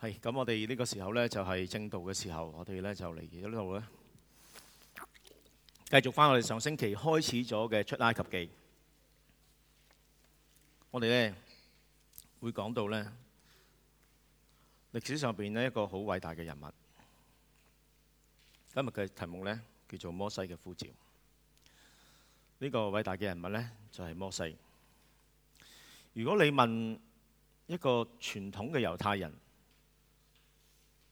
係咁，我哋呢個時候呢，就係、是、正道嘅時候，我哋呢，就嚟到呢度呢，繼續翻我哋上星期開始咗嘅出埃及記。我哋呢，會講到呢歷史上面呢一個好偉大嘅人物。今日嘅題目呢，叫做摩西嘅呼召。呢、這個偉大嘅人物呢，就係、是、摩西。如果你問一個傳統嘅猶太人，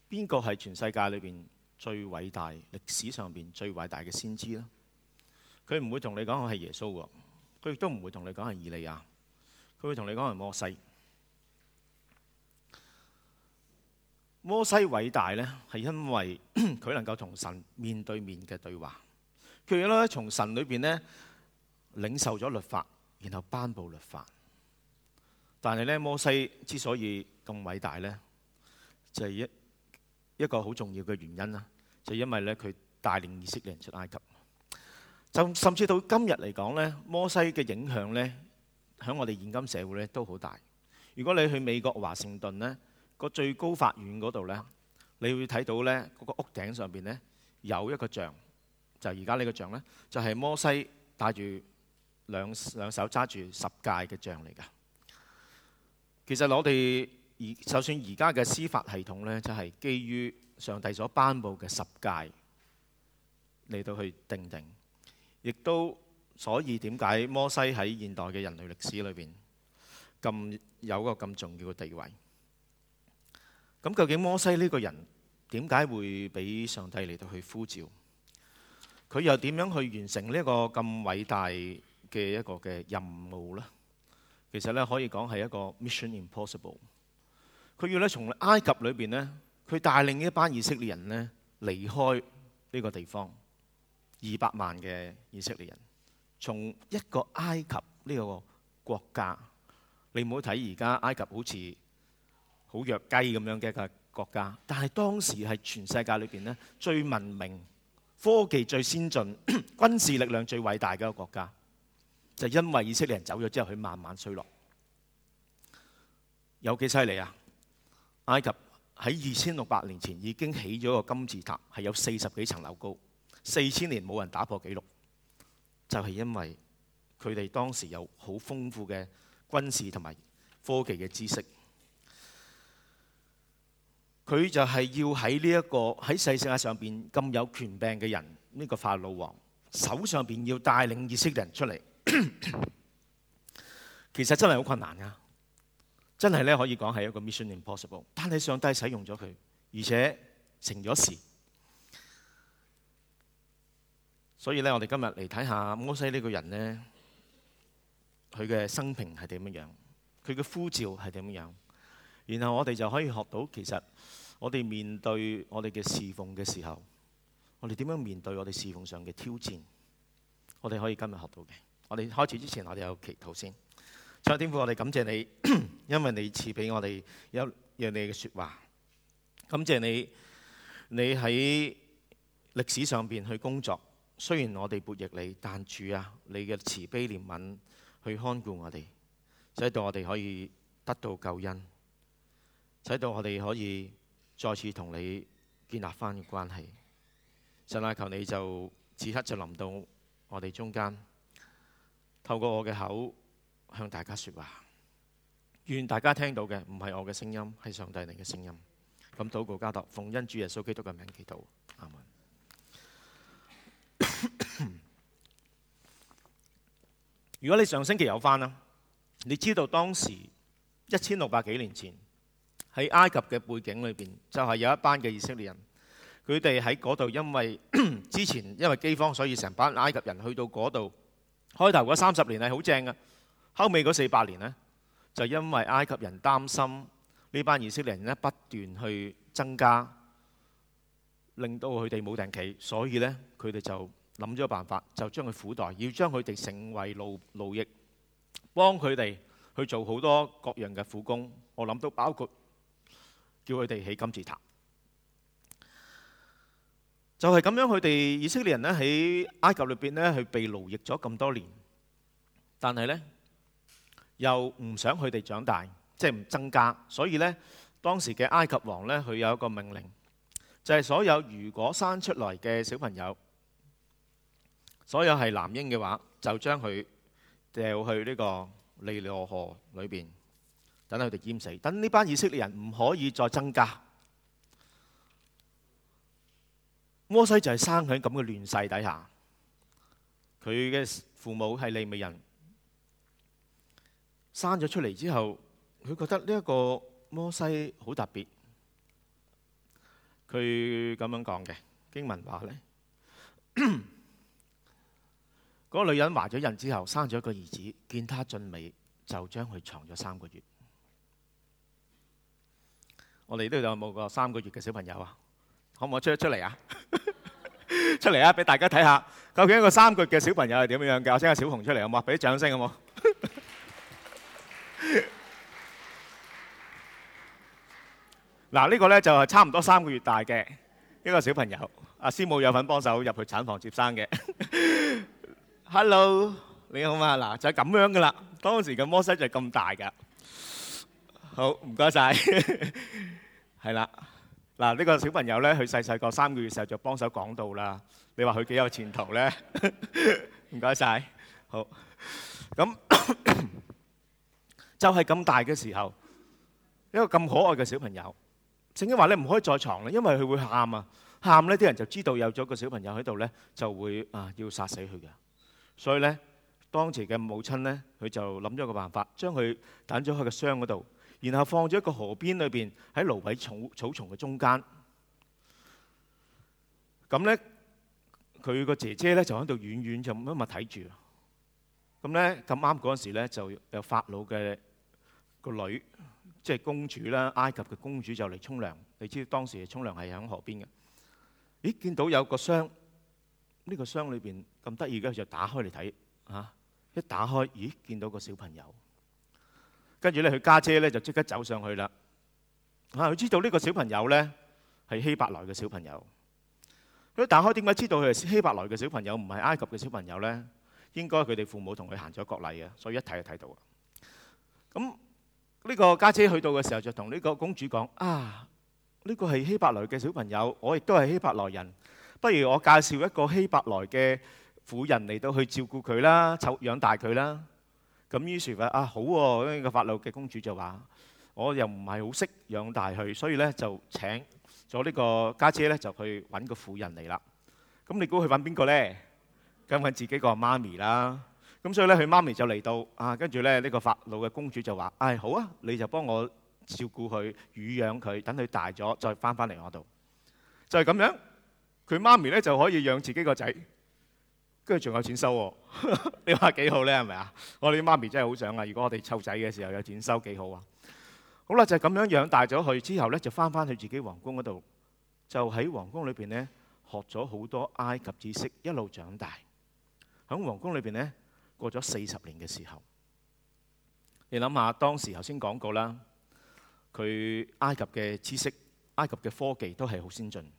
邊個係全世界裏邊最偉大、歷史上邊最偉大嘅先知咧？佢唔會同你講我係耶穌，佢亦都唔會同你講係以利亞，佢會同你講係摩西。摩西偉大呢，係因為佢能夠同神面對面嘅對話，佢亦都咧從神裏邊呢領受咗律法，然後頒布律法。但係咧摩西之所以咁偉大呢，就係是一。一個好重要嘅原因啦，就因為咧佢帶領以色列嘅人出埃及，就甚至到今日嚟講咧，摩西嘅影響咧，喺我哋現今社會咧都好大。如果你去美國華盛頓咧個最高法院嗰度咧，你會睇到咧嗰個屋頂上邊咧有一個像，就而家呢個像咧，就係摩西帶住兩兩手揸住十誡嘅像嚟噶。其實我哋而就算而家嘅司法系統呢，就係、是、基於上帝所頒布嘅十戒嚟到去定定，亦都所以點解摩西喺現代嘅人類歷史裏邊咁有個咁重要嘅地位？咁究竟摩西呢個人點解會俾上帝嚟到去呼召？佢又點樣去完成呢個咁偉大嘅一個嘅任務呢？其實呢，可以講係一個 mission impossible。佢要咧從埃及裏邊咧，佢帶領一班以色列人咧離開呢個地方，二百萬嘅以色列人，從一個埃及呢個國家，你唔好睇而家埃及好似好弱雞咁樣嘅一個國家，但係當時係全世界裏邊咧最文明、科技最先進、軍事力量最偉大嘅一個國家，就是、因為以色列人走咗之後，佢慢慢衰落，有幾犀利啊！埃及喺二千六百年前已經起咗個金字塔，係有四十幾層樓高，四千年冇人打破紀錄，就係因為佢哋當時有好豐富嘅軍事同埋科技嘅知識。佢就係要喺呢一個喺世界上邊咁有權柄嘅人，呢個法老王手上邊要帶領以色列人出嚟，其實真係好困難㗎。真係咧，可以講係一個 mission impossible，但係上帝使用咗佢，而且成咗事。所以咧，我哋今日嚟睇下摩西呢個人呢，佢嘅生平係點樣樣，佢嘅呼召係點樣樣，然後我哋就可以學到，其實我哋面對我哋嘅侍奉嘅時候，我哋點樣面對我哋侍奉上嘅挑戰，我哋可以今日學到嘅。我哋開始之前，我哋有祈禱先。在天父，我哋感謝你，因為你賜俾我哋有有你嘅説話。感謝你，你喺歷史上邊去工作。雖然我哋悖逆你，但主啊，你嘅慈悲憐憫去看顧我哋，使到我哋可以得到救恩，使到我哋可以再次同你建立翻嘅關係。神啊，求你就此刻就臨到我哋中間，透過我嘅口。向大家說話，願大家聽到嘅唔係我嘅聲音，係上帝你嘅聲音。咁禱告加，加特奉恩主耶穌基督嘅名祈禱，阿門 如果你上星期有返啦，你知道當時一千六百幾年前喺埃及嘅背景裏邊，就係、是、有一班嘅以色列人，佢哋喺嗰度因為之前因為飢荒，所以成班埃及人去到嗰度，開頭嗰三十年係好正噶。後尾嗰四百年呢，就因為埃及人擔心呢班以色列人咧不斷去增加，令到佢哋冇定企，所以呢，佢哋就諗咗個辦法，就將佢苦待，要將佢哋成為奴奴役，幫佢哋去做好多各樣嘅苦工。我諗都包括叫佢哋起金字塔，就係咁樣。佢哋以色列人咧喺埃及裏邊呢係被奴役咗咁多年，但係呢，又唔想佢哋長大，即係唔增加，所以呢，當時嘅埃及王呢，佢有一個命令，就係所有如果生出嚟嘅小朋友，所有係男嬰嘅話，就將佢掉去呢個尼羅河裏邊，等佢哋淹死。等呢班以色列人唔可以再增加，摩西就係生喺咁嘅亂世底下，佢嘅父母係利未人。生咗出嚟之後，佢覺得呢一個摩西好特別。佢咁樣講嘅經文話呢：「嗰、 嗰個女人懷咗孕之後，生咗一個兒子，見他俊美，就將佢藏咗三個月。 我哋呢度有冇個三個月嘅小朋友好好啊？可唔可以出一出嚟啊？出嚟啊！俾大家睇下，究竟一個三個月嘅小朋友係點樣樣嘅？我請阿小紅出嚟好唔好？俾啲掌聲好好？」嗱，呢個呢就係差唔多三個月大嘅一個小朋友，阿師母有份幫手入去產房接生嘅。Hello，你好嘛？嗱，就係咁樣噶啦。當時嘅摩西就係咁大噶。好，唔該晒。係啦，嗱，呢個小朋友呢，佢細細個三個月時候就幫手講道啦。你話佢幾有前途呢？唔該晒。好。咁就係咁大嘅時候，一個咁可愛嘅小朋友。聖經話你唔可以再藏咧，因為佢會喊啊！喊咧啲人就知道有咗個小朋友喺度咧，就會啊要殺死佢嘅。所以咧，當時嘅母親咧，佢就諗咗個辦法，將佢彈咗去個箱嗰度，然後放咗一個河邊裏邊，喺蘆葦草草叢嘅中間。咁咧，佢個姐姐咧就喺度遠遠就咁樣睇住。咁咧，咁啱嗰陣時咧，就有法老嘅個女。即係公主啦，埃及嘅公主就嚟沖涼，你知道當時沖涼係喺河邊嘅。咦，見到有個箱，呢個箱裏邊咁得意嘅，佢就打開嚟睇吓。一打開，咦，見到個小朋友，跟住咧佢家姐咧就即刻走上去啦。吓，佢知道呢個小朋友咧係希伯來嘅小朋友。佢一打開點解知道佢係希伯來嘅小朋友，唔係埃及嘅小朋友咧？應該佢哋父母同佢行咗割禮嘅，所以一睇就睇到。咁呢個家姐去到嘅時候，就同呢個公主講：啊，呢個係希伯來嘅小朋友，我亦都係希伯來人，不如我介紹一個希伯來嘅婦人嚟到去照顧佢啦，湊養大佢啦。咁於是話：啊，好喎！呢個法老嘅公主就話：我又唔係好識養大佢，所以呢，就請咗呢個家姐呢，就去揾個婦人嚟啦。咁你估佢揾邊個呢？梗揾自己個媽咪啦。咁所以咧，佢媽咪就嚟到啊，跟住咧呢個法老嘅公主就話：「唉、哎，好啊，你就幫我照顧佢、餵養佢，等佢大咗再翻返嚟我度。」就係、是、咁樣，佢媽咪咧就可以養自己個仔，跟住仲有錢收喎。你話幾好咧？係咪啊？ 你說是是我哋啲媽咪真係好想啊！如果我哋湊仔嘅時候有錢收，幾好啊！好、就、啦、是，就係咁樣養大咗佢之後咧，就翻翻去自己皇宮嗰度，就喺皇宮裏邊咧學咗好多埃及知識，一路長大。喺皇宮裏邊咧。過咗四十年嘅時候，你諗下，當時頭先講過啦，佢埃及嘅知識、埃及嘅科技都係好先進，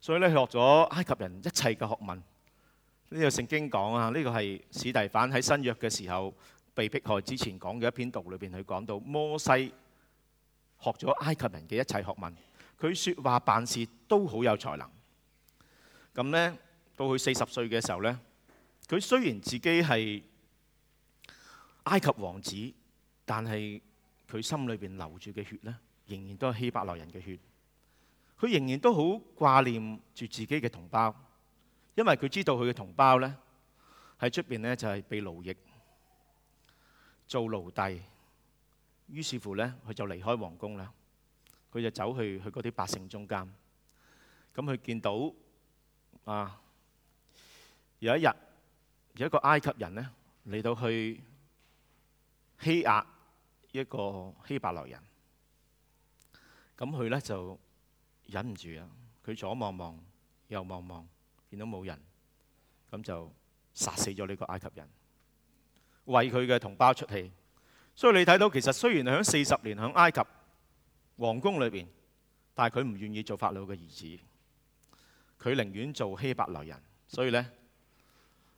所以咧學咗埃及人一切嘅學問。呢個聖經講啊，呢、呢個係史蒂凡喺新約嘅時候被迫害之前講嘅一篇道裏邊，佢講到摩西學咗埃及人嘅一切學問，佢說話辦事都好有才能。咁呢，到佢四十歲嘅時候呢。佢雖然自己係埃及王子，但係佢心裏邊流住嘅血咧，仍然都係希伯來人嘅血。佢仍然都好掛念住自己嘅同胞，因為佢知道佢嘅同胞咧喺出邊咧就係被奴役、做奴隸。於是乎咧，佢就離開皇宮啦，佢就走去去嗰啲百姓中間。咁佢見到啊，有一日。有一個埃及人呢，嚟到去欺壓一個希伯來人，咁佢呢就忍唔住啊！佢左望望，右望望，見到冇人，咁就殺死咗呢個埃及人，為佢嘅同胞出氣。所以你睇到其實雖然係喺四十年喺埃及皇宮裏邊，但係佢唔願意做法老嘅兒子，佢寧願做希伯來人。所以呢。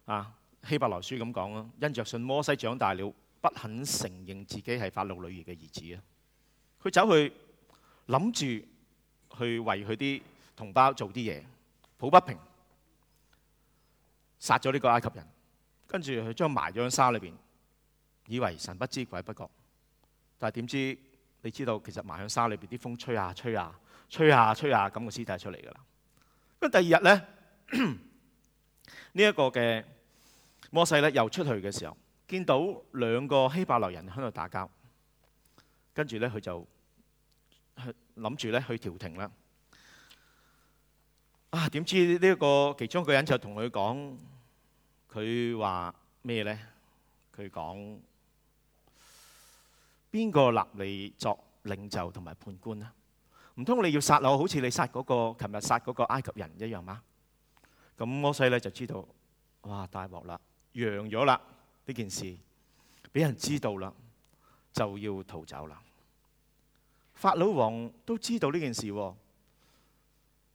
啊！希伯來書咁講啊，因着信摩西長大了，不肯承認自己係法老女兒嘅兒子啊！佢走去諗住去為佢啲同胞做啲嘢，抱不平，殺咗呢個埃及人，跟住佢將埋咗喺沙裏邊，以為神不知鬼不覺。但係點知，你知道其實埋喺沙裏邊啲風吹下、啊、吹下、啊、吹下、啊、吹下咁個屍體出嚟㗎啦。咁第二日咧，呢一、呢個嘅。摩西咧又出去嘅時候，見到兩個希伯來人喺度打交，跟住咧佢就諗住咧去調停啦。啊，點知呢個其中一個人就同佢講，佢話咩咧？佢講邊個立你作領袖同埋判官啊？唔通你要殺我，好似你殺嗰個琴日殺嗰個埃及人一樣嗎？咁摩西咧就知道，哇，大鑊啦！揚咗啦呢件事，俾人知道啦，就要逃走啦。法老王都知道呢件事，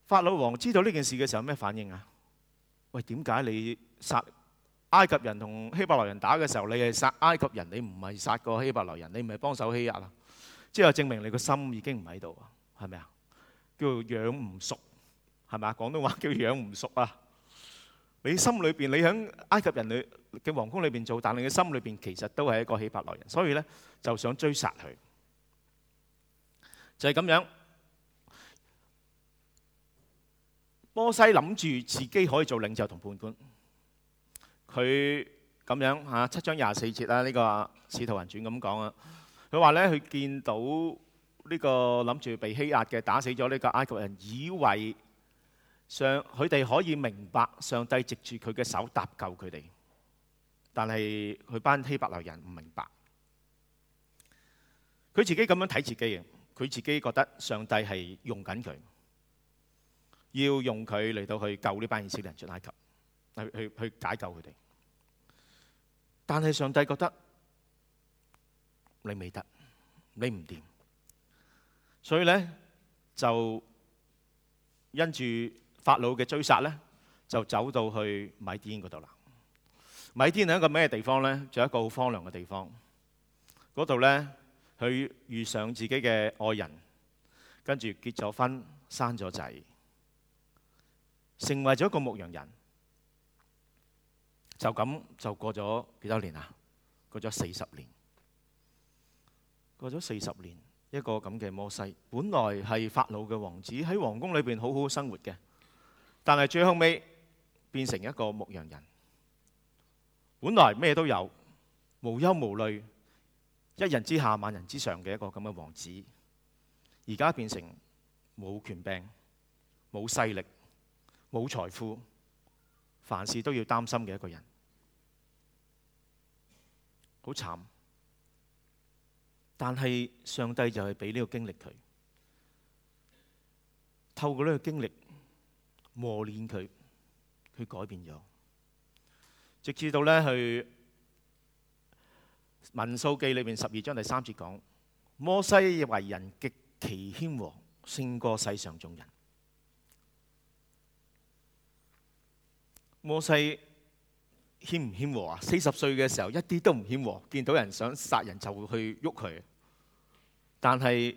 法老王知道呢件事嘅時候咩反應啊？喂，點解你殺埃及人同希伯來人打嘅時候，你係殺埃及人，你唔係殺過希伯來人，你唔係幫手欺壓啦？即係證明你個心已經唔喺度啊？係咪啊？叫養唔熟，係咪啊？廣東話叫養唔熟啊？你心裏邊，你喺埃及人裏嘅皇宮裏邊做，但你嘅心裏邊其實都係一個希伯來人，所以咧就想追殺佢，就係咁樣。摩西諗住自己可以做領袖同判官，佢咁樣吓七章廿四節啦，呢個《使徒行傳》咁講啊。佢話咧，佢見到呢個諗住被欺壓嘅，打死咗呢個埃及人，以為。上佢哋可以明白上帝藉住佢嘅手搭救佢哋，但係佢班希伯來人唔明白。佢自己咁樣睇自己嘅，佢自己覺得上帝係用緊佢,要用佢嚟到去救呢班以色列人出埃及，去去解救佢哋。但係上帝覺得你未得，你唔掂，所以咧就因住。法老嘅追殺呢，就走到去米甸嗰度啦。米甸係一個咩地方呢？就係一個好荒涼嘅地方。嗰度呢，佢遇上自己嘅愛人，跟住結咗婚，生咗仔，成為咗一個牧羊人。就咁就過咗幾多年啊？過咗四十年，過咗四十年，一個咁嘅摩西，本來係法老嘅王子，喺皇宮裏邊好，好好生活嘅。但係最後尾變成一個牧羊人，本來咩都有，無憂無慮，一人之下萬人之上嘅一個咁嘅王子，而家變成冇權柄、冇勢力、冇財富，凡事都要擔心嘅一個人，好慘。但係上帝就係俾呢個經歷佢，透過呢個經歷。磨練佢，佢改變咗，直至到呢。去《民數記》裏面十二章第三節講：摩西為人極其謙和，勝過世上眾人。摩西謙唔謙和啊？四十歲嘅時候一啲都唔謙和，見到人想殺人就會去喐佢。但係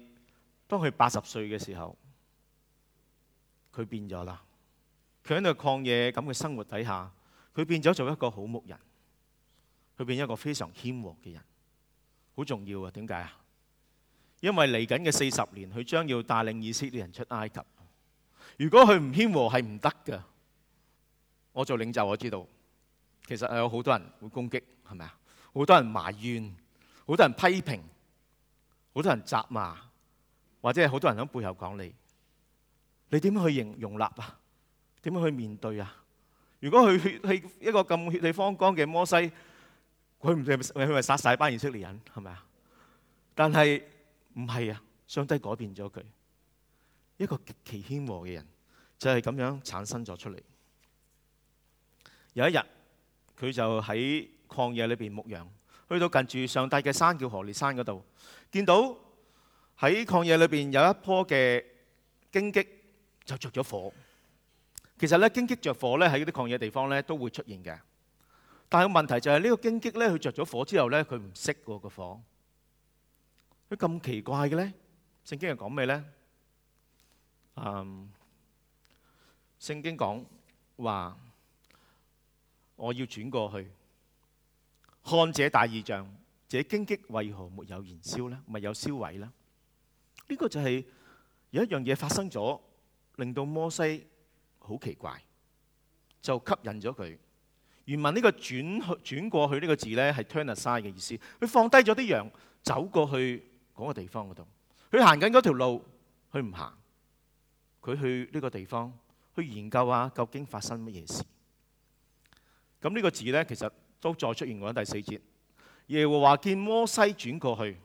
當佢八十歲嘅時候，佢變咗啦。佢喺度曠野咁嘅生活底下，佢變咗做一個好牧人，佢變一個非常謙和嘅人，好重要啊！點解啊？因為嚟緊嘅四十年，佢將要帶領以色列人出埃及。如果佢唔謙和係唔得噶，我做領袖我知道，其實係有好多人會攻擊，係咪啊？好多人埋怨，好多人批評，好多人責罵，或者係好多人喺背後講你，你點去容容納啊？點樣去面對啊？如果佢血氣一個咁血氣方剛嘅摩西，佢唔佢咪殺晒班以色列人係咪啊？但係唔係啊？上帝改變咗佢一個極其謙和嘅人，就係、是、咁樣產生咗出嚟。有一日，佢就喺曠野裏邊牧羊，去到近住上帝嘅山叫何烈山嗰度，見到喺曠野裏邊有一棵嘅荊棘就着咗火。其實咧，荊棘着火咧，喺嗰啲曠野地方咧，都會出現嘅。但係問題就係呢個荊棘咧，佢着咗火之後咧，佢唔熄個火，佢咁奇怪嘅咧。聖經係講咩咧？嗯，聖經講話，我要轉過去看這大異象，這荊棘為何沒有燃燒咧，咪有燒毀咧？呢個就係有一樣嘢發生咗，令到摩西。好奇怪，就吸引咗佢。原文呢個轉去轉過去呢個字咧，係 turn aside 嘅意思。佢放低咗啲羊，走過去嗰個地方嗰度。佢行緊嗰條路，佢唔行。佢去呢個地方去研究下究竟發生乜嘢事？咁呢個字咧，其實都再出現過第四節。耶和華見摩西轉過去，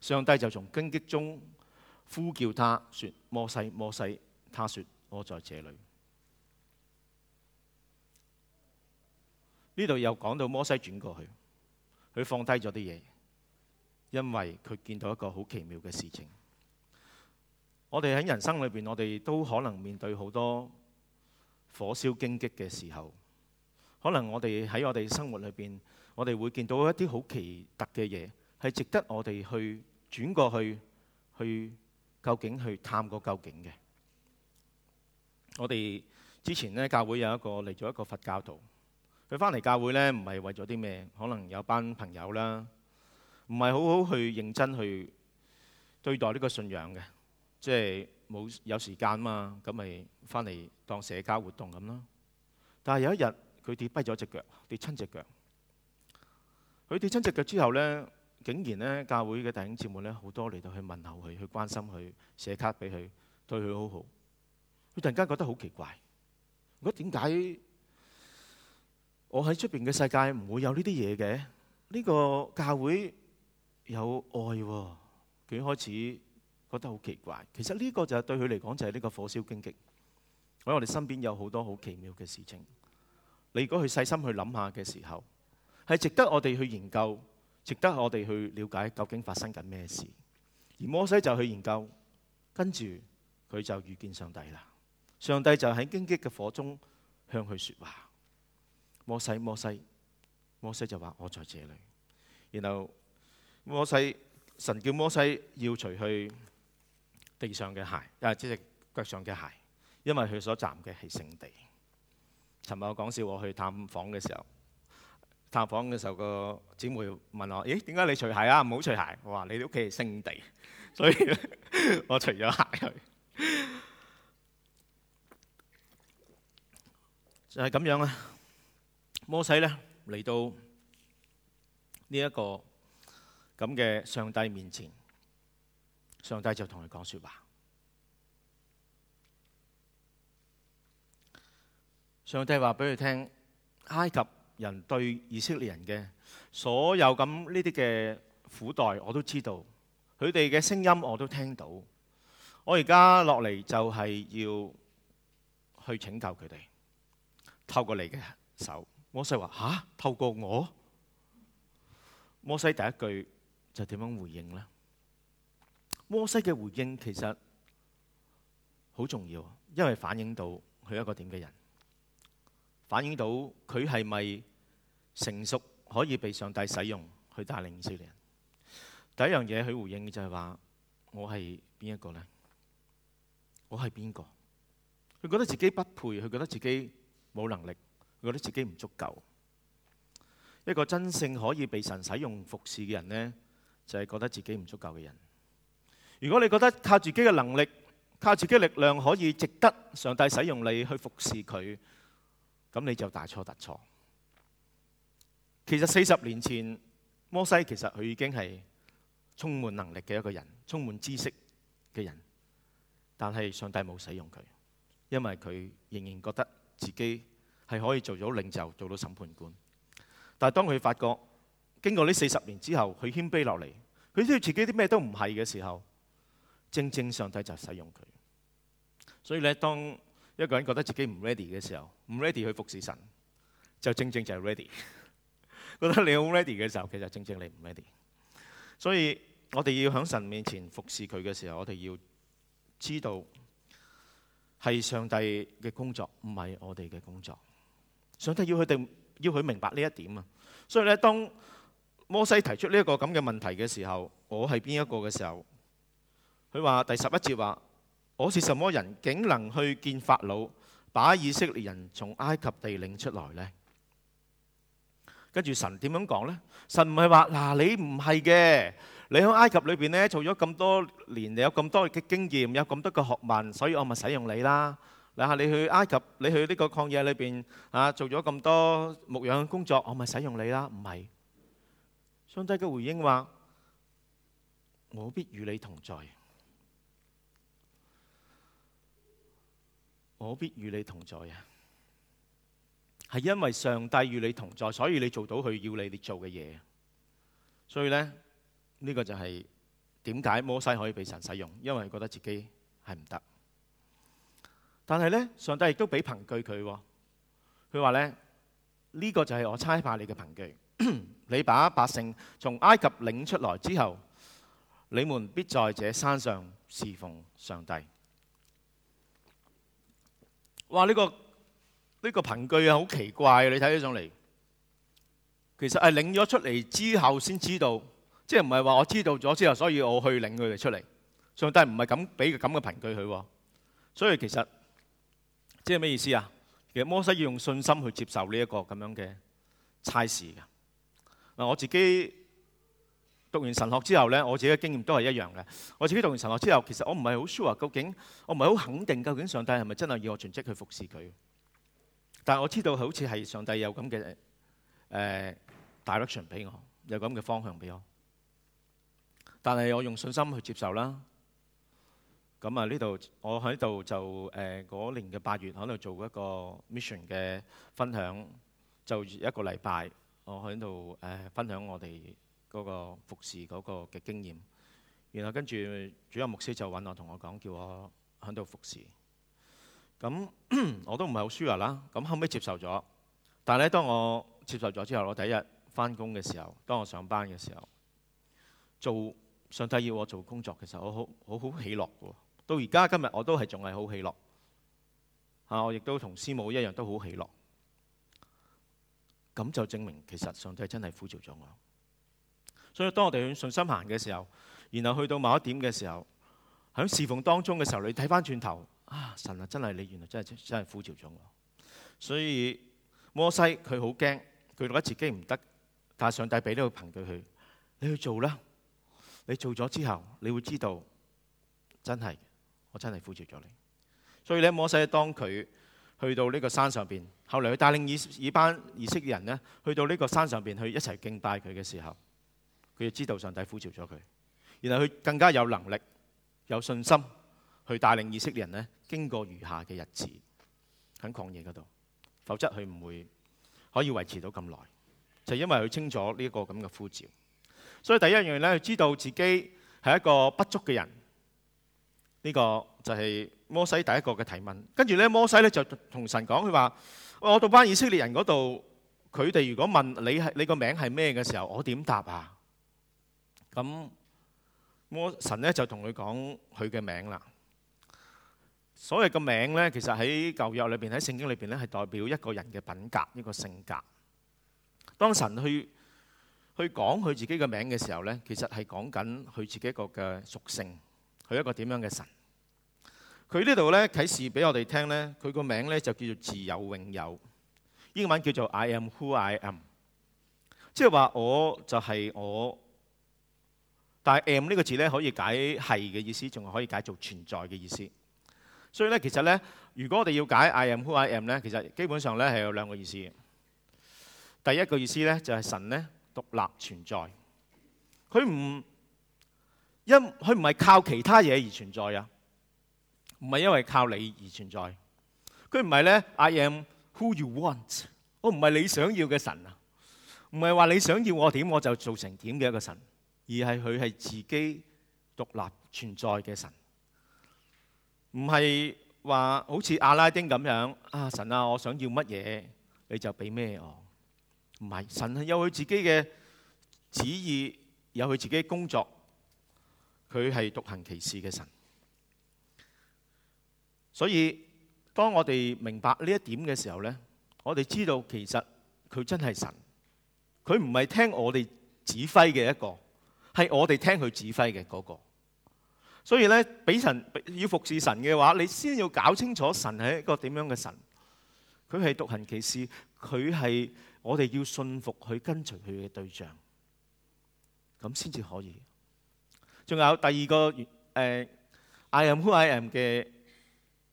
上帝就從荊棘中呼叫他說：摩西，摩西。他說：我在這裏。呢度又講到摩西轉過去，佢放低咗啲嘢，因為佢見到一個好奇妙嘅事情。我哋喺人生裏邊，我哋都可能面對好多火燒荊棘嘅時候，可能我哋喺我哋生活裏邊，我哋會見到一啲好奇特嘅嘢，係值得我哋去轉過去，去究竟，去探個究竟嘅。我哋之前呢，教會有一個嚟咗一個佛教徒。佢翻嚟教會咧，唔係為咗啲咩？可能有班朋友啦，唔係好好去認真去對待呢個信仰嘅，即係冇有，有時間嘛，咁咪翻嚟當社交活動咁囉。但係有一日佢跌跛咗隻腳，跌親隻腳。佢跌親隻腳之後咧，竟然咧教會嘅弟兄姊妹咧好多嚟到去問候佢，去關心佢，寫卡俾佢，對佢好好。佢突然間覺得好奇怪，如果點解？我喺出邊嘅世界唔會有呢啲嘢嘅，呢個教會有愛啊，佢開始覺得好奇怪。其實呢個就係對佢嚟講就係呢個火燒荊棘。喺我哋身邊有好多好奇妙嘅事情，你如果去細心去諗下嘅時候，係值得我哋去研究，值得我哋去了解究，究竟發生緊咩事。而摩西就去研究，跟住佢就遇見上帝啦。上帝就喺荊棘嘅火中向佢說話。摩西，摩西，摩西就話，我在這裡。摩西呢，嚟到呢、這、一個咁嘅上帝面前，上帝就同佢講說話。上帝話俾佢聽：埃及人對以色列人嘅所有咁呢啲嘅苦待，我都知道，佢哋嘅聲音我都聽到。我而家落嚟就係要去拯救佢哋，透過你嘅手。摩西話：吓、啊，透過我，摩西第一句就點樣回應呢？摩西嘅回應其實好重要，因為反映到佢一個點嘅人，反映到佢係咪成熟可以被上帝使用去帶領以色列人。第一樣嘢佢回應就係話：我係邊一個呢？我係邊個？佢覺得自己不配，佢覺得自己冇能力。覺得自己唔足夠，一個真正可以被神使用服侍嘅人呢，就係覺得自己唔足夠嘅人。如果你覺得靠自己嘅能力，靠自己力量可以值得上帝使用你去服侍佢，咁你就大錯特錯。其實四十年前摩西其實佢已經係充滿能力，嘅一個人，充滿知識嘅人，但係上帝冇使用佢，因為佢仍然覺得自己。係可以做到領袖，做到審判官。但係當佢發覺經過呢四十年之後，佢謙卑落嚟，佢知道自己啲咩都唔係嘅時候，正正上帝就使用佢。所以咧，當一個人覺得自己唔 ready 嘅時候，唔 ready 去服侍神，就正正就係 ready。 覺得你好 ready 嘅時候，其實正正你唔 ready。所以我哋要響神面前服侍佢嘅時候，我哋要知道係上帝嘅工作，唔係我哋嘅工作。想睇要佢哋要佢明白呢一點啊，所以咧，當摩西提出呢一個咁嘅問題嘅時候，我係邊一個嘅時候？佢話第十一節話：我是什麼人，竟能去見法老，把以色列人從埃及地領出來咧？跟住神點樣講咧？神唔係話嗱你唔係嘅，你喺埃及裏邊咧做咗咁多年，你有咁多嘅經驗，有咁多嘅學問，所以我咪使用你啦。嗱吓，你去埃及，你去呢個曠野裏邊，啊，做咗咁多牧養嘅工作，我咪使用你啦？唔係，上帝嘅回應話:我必與你同在，我必與你同在啊但係咧，上帝亦都俾憑據佢。佢話咧：呢、這個就係我差派你嘅憑據。 你把百姓從埃及領出來之後，你們必在這山上侍奉上帝。話呢、這個呢、這個憑據啊，好奇怪！你睇起上嚟，其實係領咗出嚟之後先知道，即係唔係話我知道咗之後，所以我去領佢哋出嚟。上帝唔係咁俾佢咁嘅憑據佢，所以其實。即係咩意思啊？其實摩西要用信心去接受呢一個咁樣嘅差事嘅。嗱，我自己讀完神學之後咧，我自己嘅經驗都係一樣嘅。我自己讀完神學之後，其實我唔係好 sure 究竟，我唔係好肯定究竟上帝係咪真係要我全職去服侍佢？但係我知道好似係上帝有咁嘅誒 direction 俾我，有咁嘅方向俾我。但係我用信心去接受啦。咁啊呢度我喺度就誒嗰年嘅八月喺度做一個 mission 嘅分享，就一個禮拜，我喺度誒分享我哋嗰個服侍嗰個嘅經驗。然後跟住主任牧師就揾我同我講，叫我喺度服侍。咁我都唔係好 sure 啦。咁後尾接受咗，但係咧當我接受咗之後，我第一日翻工嘅時候，當我上班嘅時候，做上帝要我做工作嘅時候，我好好好喜樂。到而家今日我都係仲係好喜樂啊！我亦都同師母一樣都好喜樂，咁就證明其實上帝真係呼召咗我。所以當我哋去信心行嘅時候，然後去到某一點嘅時候，喺侍奉當中嘅時候，你睇翻轉頭啊！神啊，真係你原來真係真係呼召咗我。所以摩西佢好驚，佢覺得自己唔得，但上帝俾呢個憑據佢，你去做啦。你做咗之後，你會知道真係。真係呼召咗你，所以摩西當佢去到呢個山上邊，後嚟佢帶領以一班以色列人咧，去到呢個山上邊去一齊敬拜佢嘅時候，佢就知道上帝呼召咗佢，然後佢更加有能力、有信心去帶領以色列人咧，經過餘下嘅日子喺狂野嗰度，否則佢唔會可以維持到咁耐，就因為佢清楚呢個咁嘅呼召。所以第一樣嘢咧，佢知道自己係一個不足嘅人。呢個就係摩西第一個嘅提問，跟住咧摩西咧就同神講：佢話、哎，我到班以色列人嗰度，佢哋如果問你係你個名係咩嘅時候，我點答啊？咁，摩神咧就同佢講佢嘅名啦。所謂個名咧，其實喺舊約裏邊、喺聖經裏邊咧，係代表一個人嘅品格、一個性格。當神去去講佢自己嘅名嘅時候咧，其實係講緊佢自己一個嘅屬性。佢一個點樣嘅神？佢呢度咧啟示俾我哋聽咧，佢個名咧就叫做自有永有，英文叫做 I am who I am，即係話我就係我。但係 M 呢個字咧可以解係嘅意思，仲可以解做存在嘅意思。所以咧，其實咧，如果我哋要解 I am who I am 咧，其實基本上咧係有兩個意思。第一個意思咧就係神咧獨立存在，佢唔。因佢唔係靠其他嘢而存在啊，唔係因為靠你而存在。佢唔係咧，I am who you want。我唔係你想要嘅神啊，唔係話你想要我點，我就做成點嘅一個神，而係佢係自己獨立存在嘅神，唔係話好似阿拉丁咁樣啊。神啊，我想要乜嘢你就俾咩我？唔係，神係有佢自己嘅旨意，有佢自己嘅工作。佢係獨行其事嘅神，所以當我哋明白呢一點嘅時候呢，我哋知道其實佢真係神，佢唔係聽我哋指揮嘅一個，係我哋聽佢指揮嘅嗰個。所以呢，俾神要服侍神嘅話，你先要搞清楚神係一個點樣嘅神。佢係獨行其事，佢係我哋要信服去跟隨佢嘅對象，咁先至可以。仲有第二個誒，I am who I am 嘅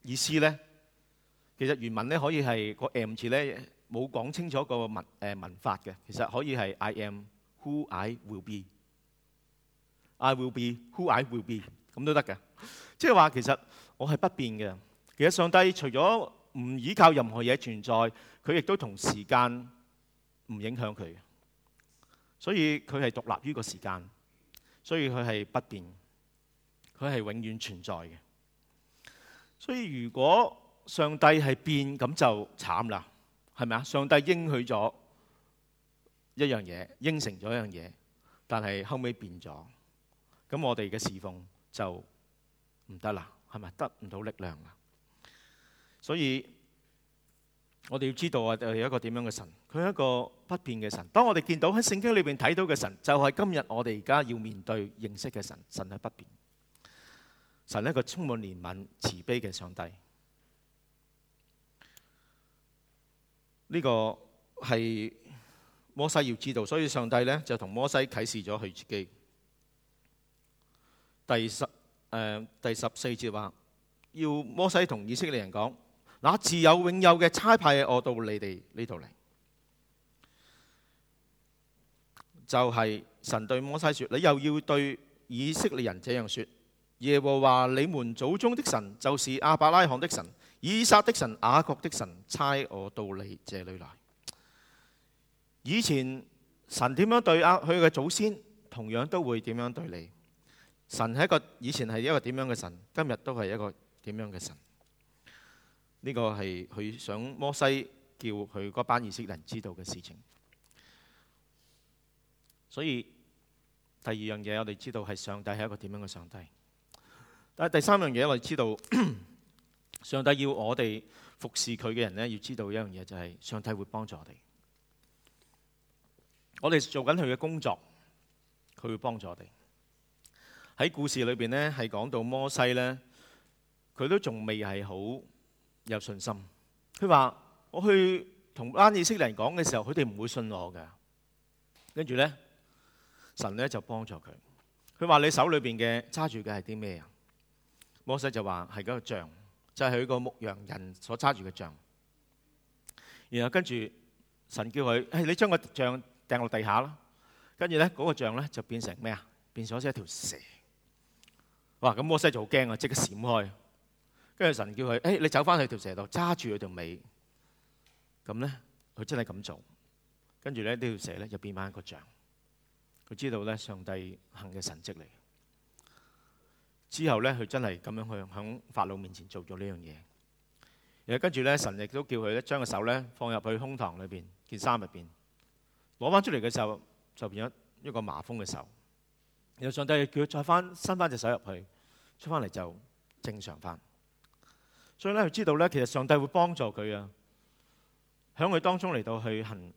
意思咧，其實原文咧，可以係個 M 字咧，冇講清楚個文誒文法嘅，其實可以係 I am who I will be，I will be who I will be 咁都得嘅。即係話其實我係不變嘅。其實上帝除咗唔依靠任何嘢存在，佢亦都同時間唔影響佢，所以佢係獨立於個時間。所以佢係不變，佢係永遠存在嘅。所以如果上帝係變咁就慘啦，係咪啊？上帝應許咗一樣嘢，應承咗一樣嘢，但係後尾變咗，咁我哋嘅侍奉就唔得啦，係咪？得唔到力量啦。所以。我哋要知道啊，就一個點樣嘅神，佢係一個不變嘅神。當我哋見到喺聖經裏邊睇到嘅神，就係、是、今日我哋而家要面對認識嘅神，神係不變。神係一個充滿憐憫、慈悲嘅上帝。呢、這個係摩西要知道，所以上帝呢就同摩西啟示咗佢自己。第十誒、呃，第十四節話，要摩西同以色列人講。那自有永有嘅差派我到你哋呢度嚟，就係神對摩西說：你又要對以色列人這樣說，耶和華你們祖宗的神就是亞伯拉罕的神、以撒的神、雅各的神，差我到你這裏來。以前神點樣對阿佢嘅祖先，同樣都會點樣對你。神係一個以前係一個點樣嘅神，今日都係一個點樣嘅神。呢個係佢想摩西叫佢嗰班以色列人知道嘅事情。所以第二樣嘢我哋知道係上帝係一個點樣嘅上帝。但係第三樣嘢我哋知道，上帝要我哋服侍佢嘅人呢，要知道一樣嘢就係上帝會幫助我哋。我哋做緊佢嘅工作，佢會幫助我哋。喺故事裏邊呢，係講到摩西呢，佢都仲未係好。有信心.佢話,我去同班以色列人講嘅時候,佢哋唔會信我嘅.跟住咧,神咧就幫助佢。佢話你手裏邊嘅揸住嘅係啲咩啊？摩西就話係嗰個杖，就係佢個牧羊人所揸住嘅杖。然後跟住神叫佢，誒，你將個杖掟落地下啦。跟住咧嗰個杖咧就變成咩啊？變咗一條蛇。哇！咁摩西就好驚啊，即刻閃開.跟住神叫佢，誒，你走翻去條蛇度，揸住佢條尾。咁咧，佢真係咁做。跟住咧，條蛇咧就變翻一個杖。佢知道咧，上帝行嘅神跡嚟。之後咧，佢真係咁樣去喺法老面前做咗呢樣嘢。然後跟住咧，神亦都叫佢咧將個手咧放入去胸膛裏邊件衫入邊攞翻出嚟嘅時候，就變咗一個麻風嘅手。然後上帝叫佢再翻伸翻隻手入去出翻嚟就正常翻。所以咧，佢知道咧，其實上帝會幫助佢啊，喺佢當中嚟到去行呢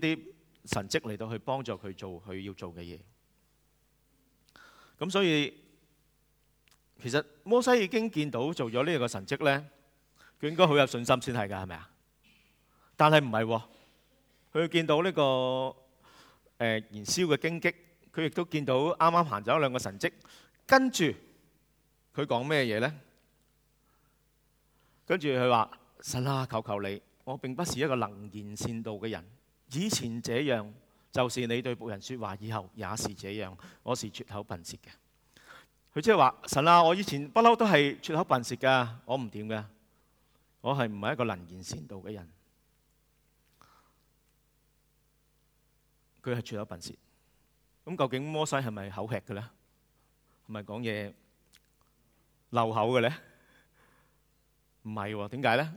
啲神蹟，嚟到去幫助佢做佢要做嘅嘢。咁所以其實摩西已經見到做咗呢個神蹟咧，佢應該好有信心先係㗎，係咪啊？但係唔係喎，佢見到呢個誒燃燒嘅荊棘，佢亦都見到啱啱行走兩個神蹟，跟住佢講咩嘢咧？跟住佢話：神啦、啊，求求你，我並不是一個能言善道嘅人。以前這樣，就是你對僕人說話以後也是這樣，我是拙口笨舌嘅。佢即係話：神啦、啊，我以前不嬲都係拙口笨舌嘅，我唔掂嘅，我係唔係一個能言善道嘅人？佢係拙口笨舌。咁究竟摩西係咪口吃嘅咧？係咪講嘢漏口嘅咧？唔係喎，點解呢？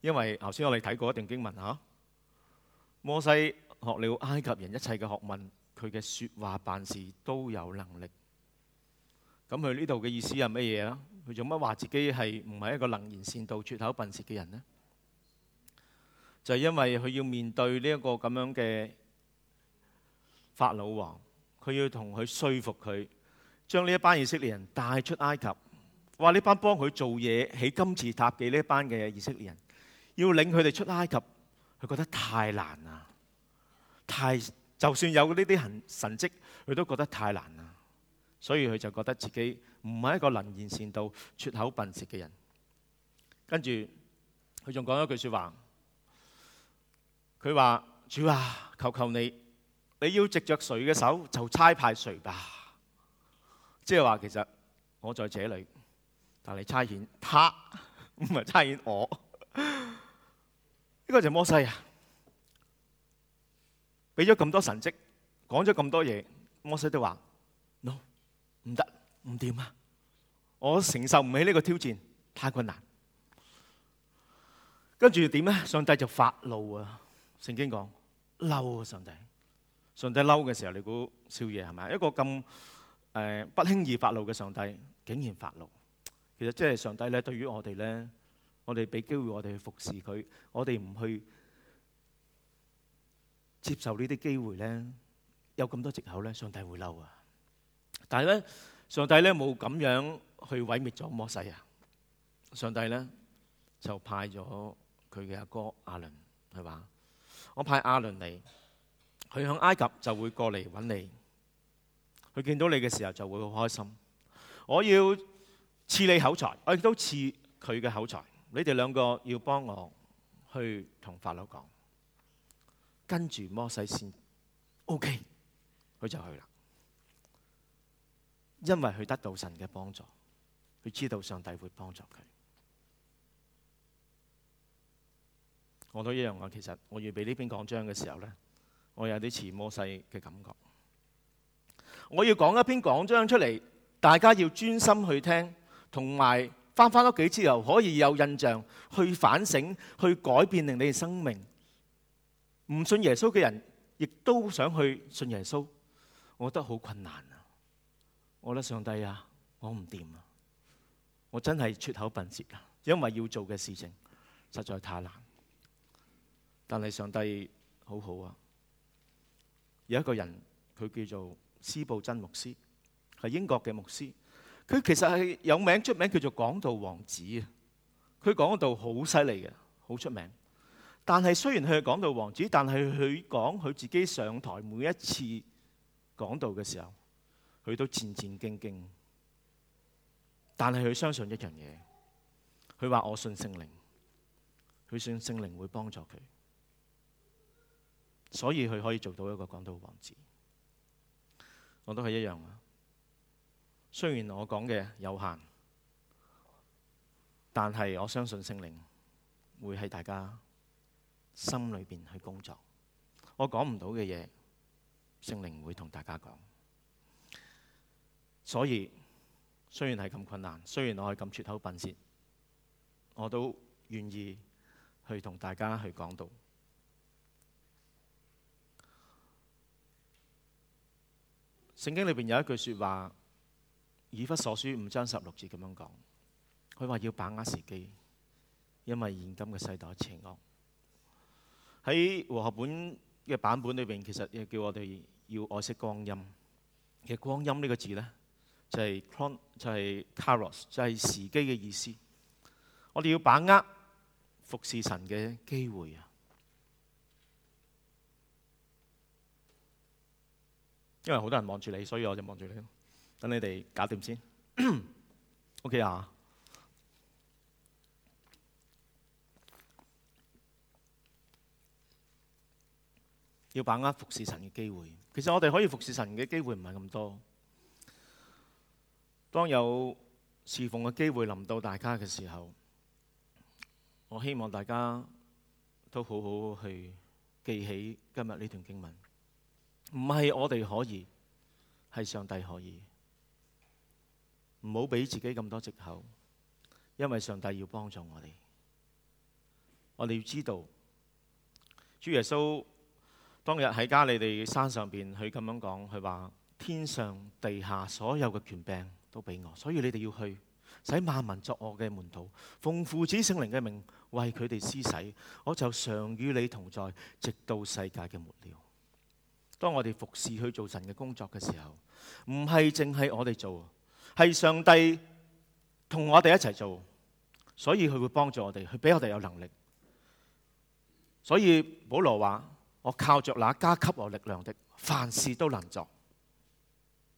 因為頭先我哋睇過一段經文嚇、啊，摩西學了埃及人一切嘅學問，佢嘅説話辦事都有能力。咁佢呢度嘅意思係乜嘢啊？佢做乜話自己係唔係一個能言善道、拙口笨舌嘅人呢？就係、是、因為佢要面對呢一個咁樣嘅法老王，佢要同佢説服佢，將呢一班以色列人帶出埃及。話呢班幫佢做嘢、起金字塔嘅呢班嘅以色列人，要領佢哋出埃及，佢覺得太難啦，太就算有呢啲痕神蹟，佢都覺得太難啦，所以佢就覺得自己唔係一個能言善道、拙口笨舌嘅人。跟住佢仲講咗句説話，佢話，主啊，求求你，你要藉着誰嘅手就差派誰吧，即係話其實我在這裏。但你差遣他，唔係差遣我。呢 個就係摩西啊，俾咗咁多神蹟，講咗咁多嘢，摩西都話，no，唔得，唔掂啊！我承受唔起呢個挑戰，太困難。跟住點咧？上帝就發怒啊！聖經講，嬲啊上帝！上帝嬲嘅時候，你估少爺係咪？一個咁誒、呃、不輕易發怒嘅上帝，竟然發怒。其實即係上帝咧，對於我哋咧，我哋俾機會我哋去服侍佢，我哋唔去接受呢啲機會咧，有咁多藉口咧，上帝會嬲啊！但係咧，上帝咧冇咁樣去毀滅咗摩西啊！上帝咧就派咗佢嘅阿哥阿倫係話，我派阿倫嚟，佢響埃及就會過嚟揾你，佢見到你嘅時候就會好開心。我要。賜你口才，我亦都賜佢嘅口才。你哋兩個要幫我去同法老講，跟住摩西先，OK，佢就去啦。因為佢得到神嘅幫助，佢知道上帝會幫助佢。我都一樣嘅，其實我預備呢篇講章嘅時候呢，我有啲似摩西嘅感覺。我要講一篇講章出嚟，大家要專心去聽。同埋翻翻多幾次又可以有印象，去反省，去改變，令你嘅生命。唔信耶穌嘅人，亦都想去信耶穌，我覺得好困難啊！我覺得上帝啊，我唔掂啊，我真係出口笨舌啊，因為要做嘅事情實在太難。但係上帝好好啊！有一個人，佢叫做斯布真牧師，係英國嘅牧師。佢其實係有名出名叫做講道王子啊！佢講道好犀利嘅，好出名。但係雖然佢係講道王子，但係佢講佢自己上台每一次講道嘅時候，佢都戰戰兢兢。但係佢相信一樣嘢，佢話我信聖靈，佢信聖靈會幫助佢，所以佢可以做到一個講道王子。我都係一樣啊！雖然我講嘅有限，但係我相信聖靈會喺大家心裏邊去工作。我講唔到嘅嘢，聖靈會同大家講。所以雖然係咁困難，雖然我係咁拙口笨舌，我都願意去同大家去講道。聖經裏邊有一句說話。以弗所書五章十六節咁樣講，佢話要把握時機，因為現今嘅世代的邪惡。喺和合本嘅版本裏邊，其實又叫我哋要愛惜光陰。其實光陰呢個字呢，就係、是、Chronos，就係 Kairos，就係時機嘅意思。我哋要把握服侍神嘅機會啊！因為好多人望住你，所以我就望住你等你哋搞掂先。O.K. 啊，要把握服侍神嘅機會。其實我哋可以服侍神嘅機會唔係咁多。當有侍奉嘅機會臨到大家嘅時候，我希望大家都好好去記起今日呢段經文。唔係我哋可以，係上帝可以。唔好俾自己咁多藉口，因為上帝要幫助我哋。我哋要知道，主耶穌當日喺加利利山上邊，佢咁樣講，佢話：天上地下所有嘅權柄都俾我，所以你哋要去，使萬民作我嘅門徒，奉父子聖靈嘅名，為佢哋施洗，我就常與你同在，直到世界嘅末了。當我哋服侍去做神嘅工作嘅時候，唔係淨係我哋做。係上帝同我哋一齊做，所以佢會幫助我哋，佢俾我哋有能力。所以保羅話：我靠着那加給我力量的，凡事都能做。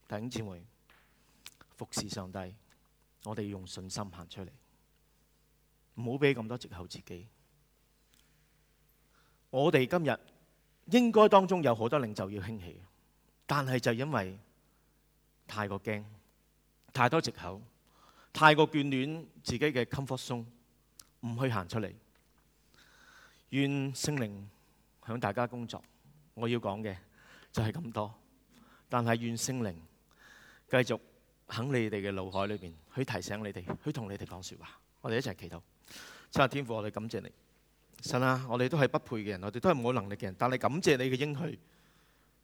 弟兄姊妹，服侍上帝，我哋用信心行出嚟，唔好俾咁多藉口自己。我哋今日應該當中有好多領袖要興起，但係就因為太過驚。太多藉口，太過眷戀自己嘅 comfort zone，唔去行出嚟。願聖靈向大家工作，我要講嘅就係咁多。但係願聖靈繼續喺你哋嘅腦海裏面去提醒你哋，去同你哋講説話。我哋一齊祈禱，親愛嘅天父，我哋感謝你，神啊！我哋都係不配嘅人，我哋都係冇能力嘅人，但係感謝你嘅應許，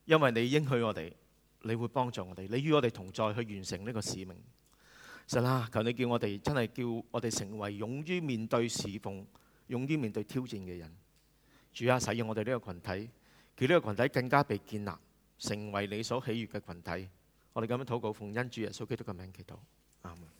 因為你應許我哋。你會幫助我哋，你與我哋同在，去完成呢個使命。神啦，求你叫我哋真係叫我哋成為勇於面對侍奉、勇於面對挑戰嘅人。主啊，使用我哋呢個群體，叫呢個群體更加被建立，成為你所喜悦嘅群體。我哋咁樣禱告奉恩主耶穌基督嘅名祈禱，阿門。